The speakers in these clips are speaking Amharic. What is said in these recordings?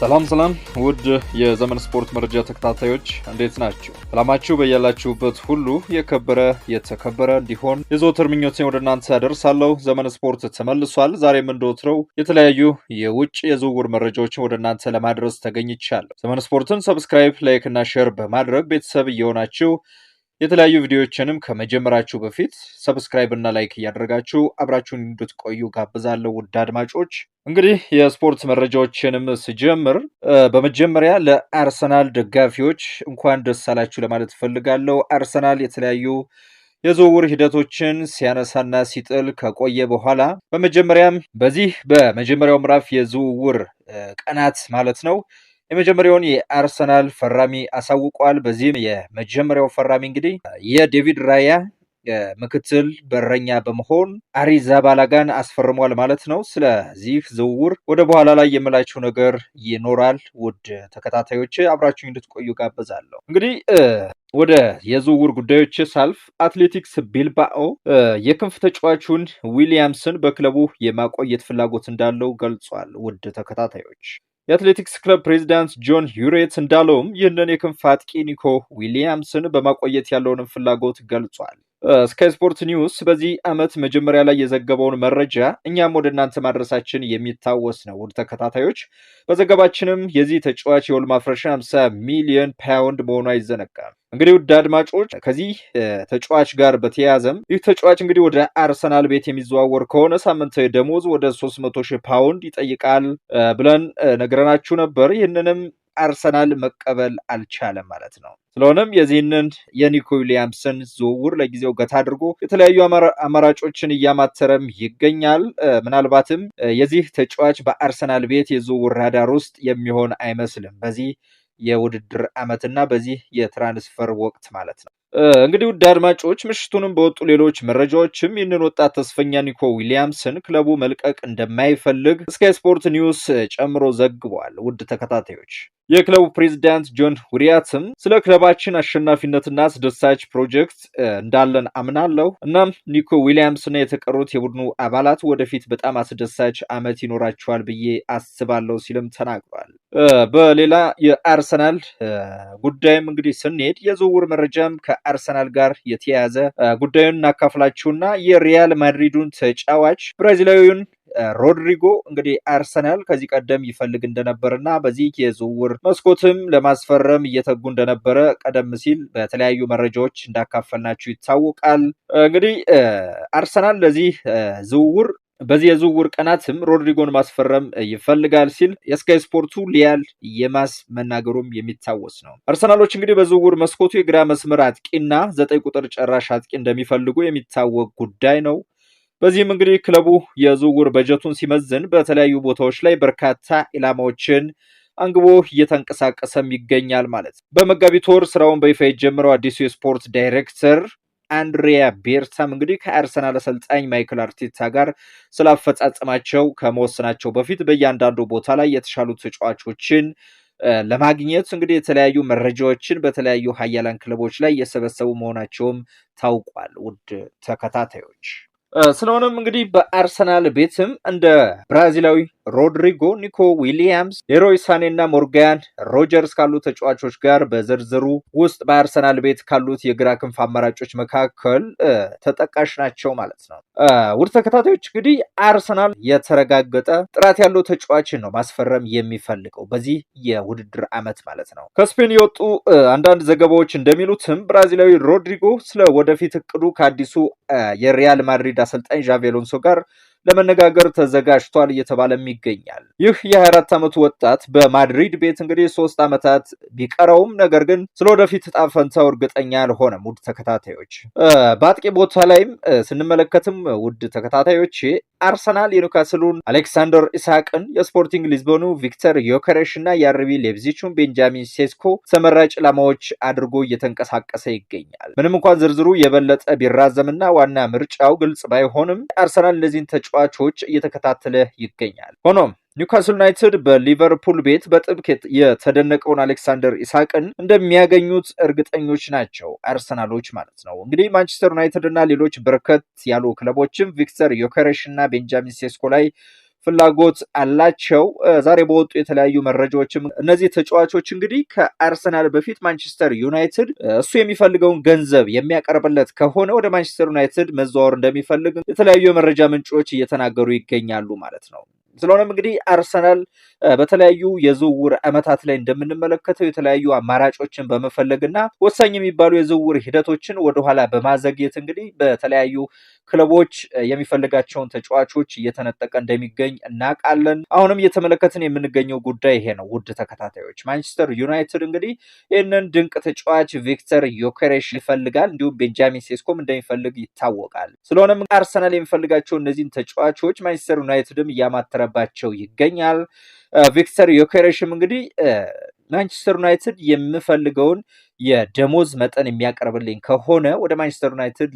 ሰላም ሰላም ውድ የዘመን ስፖርት መረጃ ተከታታዮች እንዴት ናችሁ? ሰላማችሁ በያላችሁበት ሁሉ የከበረ የተከበረ እንዲሆን የዘወትር ምኞቴን ወደ እናንተ ያደርሳለሁ። ዘመን ስፖርት ተመልሷል። ዛሬም እንደወትረው የተለያዩ የውጭ የዝውውር መረጃዎችን ወደ እናንተ ለማድረስ ተገኝቻለሁ። ዘመን ስፖርትን ሰብስክራይብ፣ ላይክ እና ሼር በማድረግ ቤተሰብ እየሆናችሁ የተለያዩ ቪዲዮዎችንም ከመጀመራችሁ በፊት ሰብስክራይብ እና ላይክ እያደረጋችሁ አብራችሁን እንድትቆዩ ጋብዛለሁ። ውድ አድማጮች እንግዲህ የስፖርት መረጃዎችንም ስጀምር በመጀመሪያ ለአርሰናል ደጋፊዎች እንኳን ደስ አላችሁ ለማለት እፈልጋለሁ። አርሰናል የተለያዩ የዝውውር ሂደቶችን ሲያነሳና ሲጥል ከቆየ በኋላ በመጀመሪያም በዚህ በመጀመሪያው ምዕራፍ የዝውውር ቀናት ማለት ነው የመጀመሪያውን የአርሰናል ፈራሚ አሳውቋል። በዚህም የመጀመሪያው ፈራሚ እንግዲህ የዴቪድ ራያ ምክትል በረኛ በመሆን አሪ ዛባላጋን አስፈርሟል ማለት ነው። ስለዚህ ዝውውር ወደ በኋላ ላይ የምላችሁ ነገር ይኖራል። ውድ ተከታታዮች አብራችሁ እንድትቆዩ ጋበዛለሁ። እንግዲህ ወደ የዝውውር ጉዳዮች ሳልፍ አትሌቲክስ ቢልባኦ የክንፍ ተጫዋቹን ዊሊያምስን በክለቡ የማቆየት ፍላጎት እንዳለው ገልጿል። ውድ ተከታታዮች የአትሌቲክስ ክለብ ፕሬዚዳንት ጆን ሂውሬት እንዳለውም ይህንን የክንፍ አጥቂ ኒኮ ዊሊያምስን በማቆየት ያለውንም ፍላጎት ገልጿል። ስካይ ስፖርት ኒውስ በዚህ ዓመት መጀመሪያ ላይ የዘገበውን መረጃ እኛም ወደ እናንተ ማድረሳችን የሚታወስ ነው። ውድ ተከታታዮች በዘገባችንም የዚህ ተጫዋች የውል ማፍረሻ 50 ሚሊዮን ፓውንድ መሆኑ አይዘነጋም። እንግዲህ ውድ አድማጮች ከዚህ ተጫዋች ጋር በተያያዘም ይህ ተጫዋች እንግዲህ ወደ አርሰናል ቤት የሚዘዋወር ከሆነ ሳምንታዊ ደሞዝ ወደ 300 ሺህ ፓውንድ ይጠይቃል ብለን ነግረናችሁ ነበር። ይህንንም አርሰናል መቀበል አልቻለም ማለት ነው። ስለሆነም የዚህንን የኒኮ ዊሊያምስን ዝውውር ለጊዜው ገታ አድርጎ የተለያዩ አማራጮችን እያማተረም ይገኛል። ምናልባትም የዚህ ተጫዋች በአርሰናል ቤት የዝውውር ራዳር ውስጥ የሚሆን አይመስልም በዚህ የውድድር ዓመትና በዚህ የትራንስፈር ወቅት ማለት ነው። እንግዲህ ውድ አድማጮች ምሽቱንም በወጡ ሌሎች መረጃዎችም ይህንን ወጣት ተስፈኛ ኒኮ ዊሊያምስን ክለቡ መልቀቅ እንደማይፈልግ ስካይ ስፖርት ኒውስ ጨምሮ ዘግቧል። ውድ ተከታታዮች የክለቡ ፕሬዚዳንት ጆን ውሪያትም ስለ ክለባችን አሸናፊነትና አስደሳች ፕሮጀክት እንዳለን አምናለሁ። እናም ኒኮ ዊሊያምስና የተቀሩት የቡድኑ አባላት ወደፊት በጣም አስደሳች ዓመት ይኖራቸዋል ብዬ አስባለሁ ሲልም ተናግሯል። በሌላ የአርሰናል ጉዳይም እንግዲህ ስንሄድ የዝውውር መረጃም ከ ከአርሰናል ጋር የተያያዘ ጉዳዩን እናካፍላችሁና የሪያል ማድሪዱን ተጫዋች ብራዚላዊውን ሮድሪጎ እንግዲህ አርሰናል ከዚህ ቀደም ይፈልግ እንደነበርና በዚህ የዝውውር መስኮትም ለማስፈረም እየተጉ እንደነበረ ቀደም ሲል በተለያዩ መረጃዎች እንዳካፈልናችሁ ይታወቃል። እንግዲህ አርሰናል ለዚህ ዝውውር በዚህ የዝውውር ቀናትም ሮድሪጎን ማስፈረም ይፈልጋል ሲል የስካይ ስፖርቱ ሊያል የማስ መናገሩም የሚታወስ ነው። አርሰናሎች እንግዲህ በዝውውር መስኮቱ የግራ መስመር አጥቂና ዘጠኝ ቁጥር ጨራሽ አጥቂ እንደሚፈልጉ የሚታወቅ ጉዳይ ነው። በዚህም እንግዲህ ክለቡ የዝውውር በጀቱን ሲመዝን በተለያዩ ቦታዎች ላይ በርካታ ኢላማዎችን አንግቦ እየተንቀሳቀሰም ይገኛል ማለት ነው። በመጋቢት ወር ስራውን በይፋ የጀመረው አዲሱ የስፖርት ዳይሬክተር አንድሪያ ቤርታም እንግዲህ ከአርሰናል አሰልጣኝ ማይክል አርቴታ ጋር ስላፈጻጸማቸው ከመወሰናቸው በፊት በእያንዳንዱ ቦታ ላይ የተሻሉ ተጫዋቾችን ለማግኘት እንግዲህ የተለያዩ መረጃዎችን በተለያዩ ሀያላን ክለቦች ላይ እየሰበሰቡ መሆናቸውም ታውቋል። ውድ ተከታታዮች ስለሆነም እንግዲህ በአርሰናል ቤትም እንደ ብራዚላዊ ሮድሪጎ፣ ኒኮ ዊሊያምስ፣ ሌሮይ ሳኔ እና ሞርጋያን ሮጀርስ ካሉ ተጫዋቾች ጋር በዝርዝሩ ውስጥ በአርሰናል ቤት ካሉት የግራ ክንፍ አማራጮች መካከል ተጠቃሽ ናቸው ማለት ነው። ውድ ተከታታዮች እንግዲህ አርሰናል የተረጋገጠ ጥራት ያለው ተጫዋችን ነው ማስፈረም የሚፈልገው በዚህ የውድድር ዓመት ማለት ነው። ከስፔን የወጡ አንዳንድ ዘገባዎች እንደሚሉትም ብራዚላዊ ሮድሪጎ ስለ ወደፊት እቅዱ ከአዲሱ የሪያል ማድሪድ አሰልጣኝ ዣቬ አሎንሶ ጋር ለመነጋገር ተዘጋጅቷል እየተባለም ይገኛል። ይህ የ24 ዓመቱ ወጣት በማድሪድ ቤት እንግዲህ ሶስት ዓመታት ቢቀረውም ነገር ግን ስለ ወደፊት ዕጣ ፈንታው እርግጠኛ አልሆነም። ውድ ተከታታዮች በአጥቂ ቦታ ላይም ስንመለከትም ውድ ተከታታዮች አርሰናል የኒውካስሉን አሌክሳንደር ኢስሐቅን፣ የስፖርቲንግ ሊዝቦኑ ቪክተር ዮከሬሽ እና የአርቢ ሌብዚቹን ቤንጃሚን ሴስኮ ተመራጭ ላማዎች አድርጎ እየተንቀሳቀሰ ይገኛል። ምንም እንኳን ዝርዝሩ የበለጠ ቢራዘምና ዋና ምርጫው ግልጽ ባይሆንም አርሰናል እነዚህን ተጫ ተጫዋቾች እየተከታተለ ይገኛል። ሆኖም ኒውካስል ዩናይትድ በሊቨርፑል ቤት በጥብቅ የተደነቀውን አሌክሳንደር ኢሳቅን እንደሚያገኙት እርግጠኞች ናቸው፣ አርሰናሎች ማለት ነው። እንግዲህ ማንቸስተር ዩናይትድ እና ሌሎች በርከት ያሉ ክለቦችም ቪክተር ዮከሬሽ እና ቤንጃሚን ሴስኮ ላይ ፍላጎት አላቸው። ዛሬ በወጡ የተለያዩ መረጃዎችም እነዚህ ተጫዋቾች እንግዲህ ከአርሰናል በፊት ማንቸስተር ዩናይትድ እሱ የሚፈልገውን ገንዘብ የሚያቀርብለት ከሆነ ወደ ማንቸስተር ዩናይትድ መዘዋወር እንደሚፈልግ የተለያዩ የመረጃ ምንጮች እየተናገሩ ይገኛሉ ማለት ነው። ስለሆነም እንግዲህ አርሰናል በተለያዩ የዝውውር ዓመታት ላይ እንደምንመለከተው የተለያዩ አማራጮችን በመፈለግና ወሳኝ የሚባሉ የዝውውር ሂደቶችን ወደኋላ በማዘግየት እንግዲህ በተለያዩ ክለቦች የሚፈልጋቸውን ተጫዋቾች እየተነጠቀ እንደሚገኝ እናውቃለን። አሁንም እየተመለከትን የምንገኘው ጉዳይ ይሄ ነው። ውድ ተከታታዮች ማንቸስተር ዩናይትድ እንግዲህ ይህንን ድንቅ ተጫዋች ቪክተር ዮኬሬሽ ይፈልጋል፣ እንዲሁም ቤንጃሚን ሴስኮም እንደሚፈልግ ይታወቃል። ስለሆነም አርሰናል የሚፈልጋቸው እነዚህን ተጫዋቾች ማንቸስተር ዩናይትድም እያማተረ እየተሰራባቸው ይገኛል። ቪክተር ዮኬሬሽም እንግዲህ ማንቸስተር ዩናይትድ የምፈልገውን የደሞዝ መጠን የሚያቀርብልኝ ከሆነ ወደ ማንቸስተር ዩናይትድ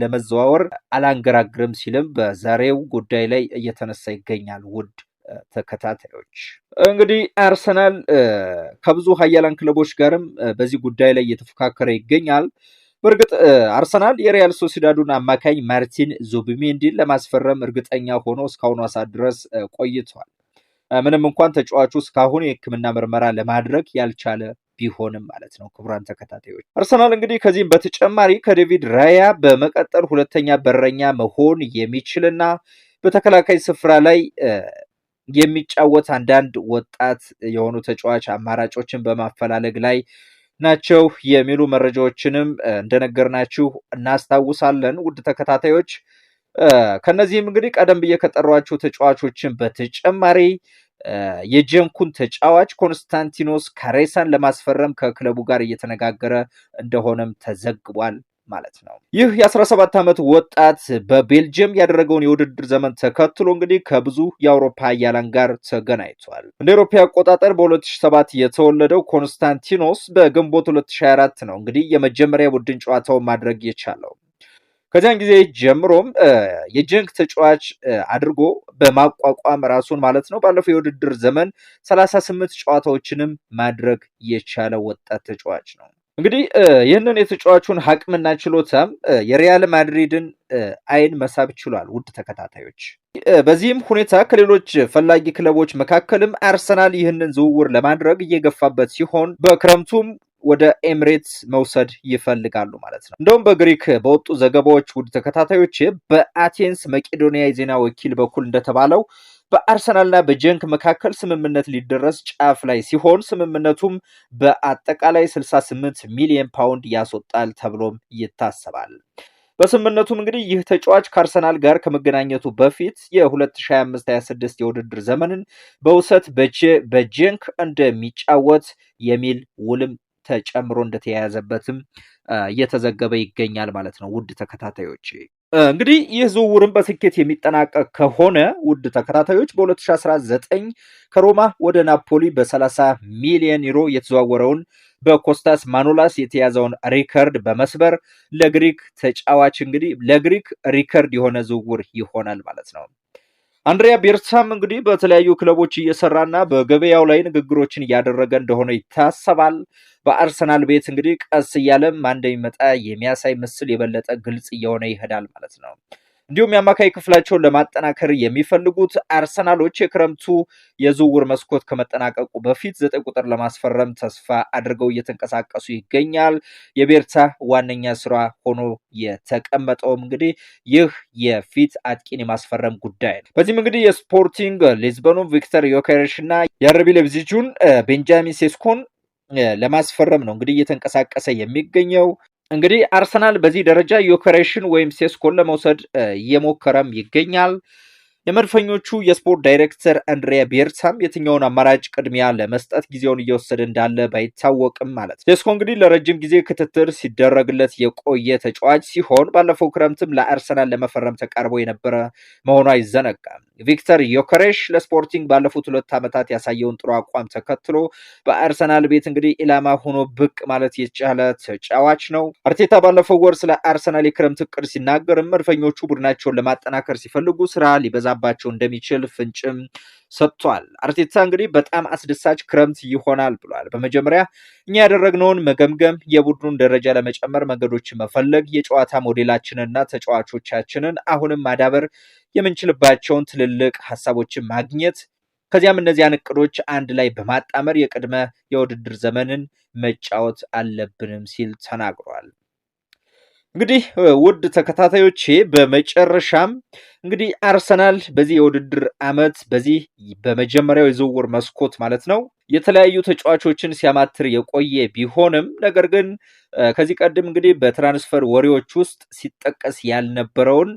ለመዘዋወር አላንገራግርም ሲልም በዛሬው ጉዳይ ላይ እየተነሳ ይገኛል። ውድ ተከታታዮች እንግዲህ አርሰናል ከብዙ ሀያላን ክለቦች ጋርም በዚህ ጉዳይ ላይ እየተፎካከረ ይገኛል። በእርግጥ አርሰናል የሪያል ሶሲዳዱን አማካኝ ማርቲን ዙቢሜንዲን ለማስፈረም እርግጠኛ ሆኖ እስካሁኗ ሰዓት ድረስ ቆይቷል። ምንም እንኳን ተጫዋቹ እስካሁን የሕክምና ምርመራ ለማድረግ ያልቻለ ቢሆንም ማለት ነው። ክቡራን ተከታታዮች አርሰናል እንግዲህ ከዚህም በተጨማሪ ከዴቪድ ራያ በመቀጠል ሁለተኛ በረኛ መሆን የሚችልና በተከላካይ ስፍራ ላይ የሚጫወት አንዳንድ ወጣት የሆኑ ተጫዋች አማራጮችን በማፈላለግ ላይ ናቸው የሚሉ መረጃዎችንም እንደነገርናችሁ እናስታውሳለን። ውድ ተከታታዮች ከነዚህም እንግዲህ ቀደም ብዬ ከጠሯቸው ተጫዋቾችን በተጨማሪ የጀንኩን ተጫዋች ኮንስታንቲኖስ ካሬሳን ለማስፈረም ከክለቡ ጋር እየተነጋገረ እንደሆነም ተዘግቧል። ማለት ነው። ይህ የ17 ዓመት ወጣት በቤልጅየም ያደረገውን የውድድር ዘመን ተከትሎ እንግዲህ ከብዙ የአውሮፓ አያላን ጋር ተገናኝቷል። እንደ አውሮፓ አቆጣጠር በ2007 የተወለደው ኮንስታንቲኖስ በግንቦት 2024 ነው እንግዲህ የመጀመሪያ ቡድን ጨዋታውን ማድረግ የቻለው። ከዚያን ጊዜ ጀምሮም የጀንክ ተጫዋች አድርጎ በማቋቋም ራሱን ማለት ነው ባለፈው የውድድር ዘመን 38 ጨዋታዎችንም ማድረግ የቻለ ወጣት ተጫዋች ነው። እንግዲህ ይህንን የተጫዋቹን አቅምና ችሎታም የሪያል ማድሪድን አይን መሳብ ችሏል። ውድ ተከታታዮች፣ በዚህም ሁኔታ ከሌሎች ፈላጊ ክለቦች መካከልም አርሰናል ይህንን ዝውውር ለማድረግ እየገፋበት ሲሆን በክረምቱም ወደ ኤምሬትስ መውሰድ ይፈልጋሉ ማለት ነው። እንደውም በግሪክ በወጡ ዘገባዎች ውድ ተከታታዮች፣ በአቴንስ መቄዶንያ የዜና ወኪል በኩል እንደተባለው በአርሰናልና በጀንክ መካከል ስምምነት ሊደረስ ጫፍ ላይ ሲሆን ስምምነቱም በአጠቃላይ 68 ሚሊዮን ፓውንድ ያስወጣል ተብሎም ይታሰባል። በስምምነቱም እንግዲህ ይህ ተጫዋች ከአርሰናል ጋር ከመገናኘቱ በፊት የ2025/26 የውድድር ዘመንን በውሰት በጀንክ እንደሚጫወት የሚል ውልም ተጨምሮ እንደተያያዘበትም እየተዘገበ ይገኛል ማለት ነው። ውድ ተከታታዮች እንግዲህ ይህ ዝውውርን በስኬት የሚጠናቀቅ ከሆነ ውድ ተከታታዮች በ2019 ከሮማ ወደ ናፖሊ በ30 ሚሊዮን ዩሮ የተዘዋወረውን በኮስታስ ማኖላስ የተያዘውን ሪከርድ በመስበር ለግሪክ ተጫዋች እንግዲህ ለግሪክ ሪከርድ የሆነ ዝውውር ይሆናል ማለት ነው። አንድሪያ ቤርሳም እንግዲህ በተለያዩ ክለቦች እየሰራና በገበያው ላይ ንግግሮችን እያደረገ እንደሆነ ይታሰባል። በአርሰናል ቤት እንግዲህ ቀስ እያለም ማን የሚያሳይ ምስል የበለጠ ግልጽ እየሆነ ይሄዳል ማለት ነው። እንዲሁም የአማካይ ክፍላቸውን ለማጠናከር የሚፈልጉት አርሰናሎች የክረምቱ የዝውውር መስኮት ከመጠናቀቁ በፊት ዘጠኝ ቁጥር ለማስፈረም ተስፋ አድርገው እየተንቀሳቀሱ ይገኛል። የቤርታ ዋነኛ ስራ ሆኖ የተቀመጠውም እንግዲህ ይህ የፊት አጥቂን የማስፈረም ጉዳይ ነው። በዚህም እንግዲህ የስፖርቲንግ ሊዝበኑ ቪክተር ዮኬሬሽ እና የአረቢ ለብዚጁን ቤንጃሚን ሴስኮን ለማስፈረም ነው እንግዲህ እየተንቀሳቀሰ የሚገኘው። እንግዲህ አርሰናል በዚህ ደረጃ የኦፐሬሽን ወይም ሴስኮን ለመውሰድ እየሞከረም ይገኛል። የመድፈኞቹ የስፖርት ዳይሬክተር አንድሪያ ቤርሳም የትኛውን አማራጭ ቅድሚያ ለመስጠት ጊዜውን እየወሰደ እንዳለ ባይታወቅም ማለት ነው። ሴስኮ እንግዲህ ለረጅም ጊዜ ክትትል ሲደረግለት የቆየ ተጫዋች ሲሆን ባለፈው ክረምትም ለአርሰናል ለመፈረም ተቃርቦ የነበረ መሆኑ አይዘነጋም። ቪክተር ዮከሬሽ ለስፖርቲንግ ባለፉት ሁለት ዓመታት ያሳየውን ጥሩ አቋም ተከትሎ በአርሰናል ቤት እንግዲህ ኢላማ ሆኖ ብቅ ማለት የቻለ ተጫዋች ነው። አርቴታ ባለፈው ወር ስለ አርሰናል የክረምት እቅድ ሲናገርም መድፈኞቹ ቡድናቸውን ለማጠናከር ሲፈልጉ ስራ ሊበዛባቸው እንደሚችል ፍንጭም ሰጥቷል። አርቴታ እንግዲህ በጣም አስደሳች ክረምት ይሆናል ብሏል። በመጀመሪያ እኛ ያደረግነውን መገምገም፣ የቡድኑን ደረጃ ለመጨመር መንገዶችን መፈለግ፣ የጨዋታ ሞዴላችንንና ተጫዋቾቻችንን አሁንም ማዳበር የምንችልባቸውን ትልልቅ ሀሳቦችን ማግኘት ከዚያም እነዚያን እቅዶች አንድ ላይ በማጣመር የቅድመ የውድድር ዘመንን መጫወት አለብንም ሲል ተናግሯል። እንግዲህ ውድ ተከታታዮቼ በመጨረሻም እንግዲህ አርሰናል በዚህ የውድድር ዓመት በዚህ በመጀመሪያው የዝውውር መስኮት ማለት ነው የተለያዩ ተጫዋቾችን ሲያማትር የቆየ ቢሆንም ነገር ግን ከዚህ ቀደም እንግዲህ በትራንስፈር ወሬዎች ውስጥ ሲጠቀስ ያልነበረውን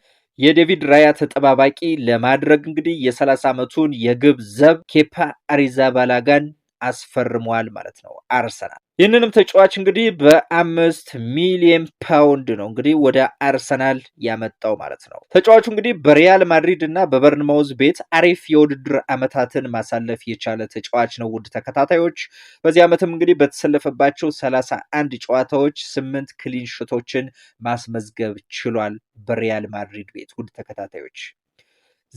የዴቪድ ራያ ተጠባባቂ ለማድረግ እንግዲህ የ30 ዓመቱን የግብ ዘብ ኬፓ አሪዛባላጋን አስፈርሟል ማለት ነው አርሰናል። ይህንንም ተጫዋች እንግዲህ በአምስት ሚሊየን ፓውንድ ነው እንግዲህ ወደ አርሰናል ያመጣው ማለት ነው። ተጫዋቹ እንግዲህ በሪያል ማድሪድ እና በበርንማውዝ ቤት አሪፍ የውድድር ዓመታትን ማሳለፍ የቻለ ተጫዋች ነው። ውድ ተከታታዮች በዚህ ዓመትም እንግዲህ በተሰለፈባቸው ሰላሳ አንድ ጨዋታዎች ስምንት ክሊንሽቶችን ማስመዝገብ ችሏል በሪያል ማድሪድ ቤት ውድ ተከታታዮች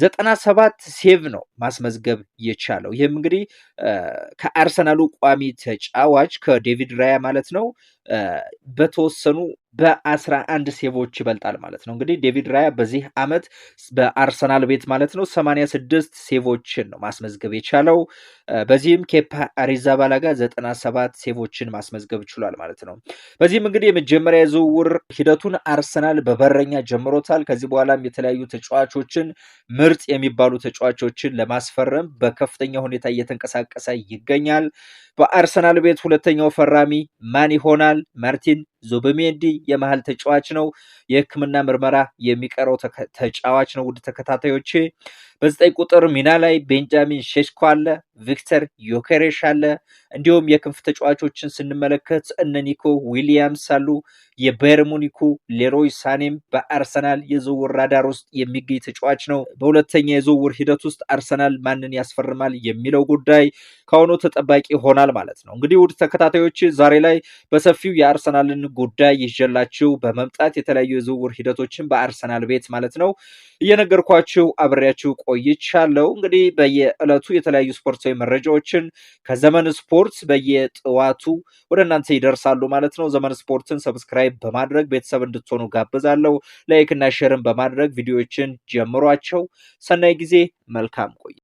ዘጠና ሰባት ሴቭ ነው ማስመዝገብ የቻለው። ይህም እንግዲህ ከአርሰናሉ ቋሚ ተጫዋች ከዴቪድ ራያ ማለት ነው በተወሰኑ በአስራ አንድ ሴቦች ይበልጣል ማለት ነው። እንግዲህ ዴቪድ ራያ በዚህ አመት በአርሰናል ቤት ማለት ነው ሰማንያ ስድስት ሴቮችን ነው ማስመዝገብ የቻለው። በዚህም ኬፓ አሪዛባላጋ ዘጠና ሰባት ሴቮችን ማስመዝገብ ችሏል ማለት ነው። በዚህም እንግዲህ የመጀመሪያ የዝውውር ሂደቱን አርሰናል በበረኛ ጀምሮታል። ከዚህ በኋላም የተለያዩ ተጫዋቾችን ምርጥ የሚባሉ ተጫዋቾችን ለማስፈረም በከፍተኛ ሁኔታ እየተንቀሳቀሰ ይገኛል። በአርሰናል ቤት ሁለተኛው ፈራሚ ማን ይሆናል? ማርቲን ዙቢሜንዲ የመሀል ተጫዋች ነው። የሕክምና ምርመራ የሚቀረው ተጫዋች ነው። ውድ ተከታታዮቼ በዘጠኝ ቁጥር ሚና ላይ ቤንጃሚን ሼሽኮ አለ። ቪክተር ዮኬሬሽ አለ። እንዲሁም የክንፍ ተጫዋቾችን ስንመለከት እነ ኒኮ ዊሊያምስ አሉ። የባየር ሙኒኩ ሌሮይ ሳኔም በአርሰናል የዝውውር ራዳር ውስጥ የሚገኝ ተጫዋች ነው። በሁለተኛ የዝውውር ሂደት ውስጥ አርሰናል ማንን ያስፈርማል የሚለው ጉዳይ ከሆኑ ተጠባቂ ይሆናል ማለት ነው። እንግዲህ ውድ ተከታታዮች ዛሬ ላይ በሰፊው የአርሰናልን ጉዳይ ይዤላችሁ በመምጣት የተለያዩ የዝውውር ሂደቶችን በአርሰናል ቤት ማለት ነው እየነገርኳችሁ አብሬያችሁ ቆይቻለሁ። እንግዲህ በየዕለቱ የተለያዩ ስፖርት ስፖርታዊ መረጃዎችን ከዘመን ስፖርት በየጥዋቱ ወደ እናንተ ይደርሳሉ ማለት ነው። ዘመን ስፖርትን ሰብስክራይብ በማድረግ ቤተሰብ እንድትሆኑ ጋብዛለሁ። ላይክና ሸርን ሼርን በማድረግ ቪዲዮዎችን ጀምሯቸው። ሰናይ ጊዜ። መልካም ቆይ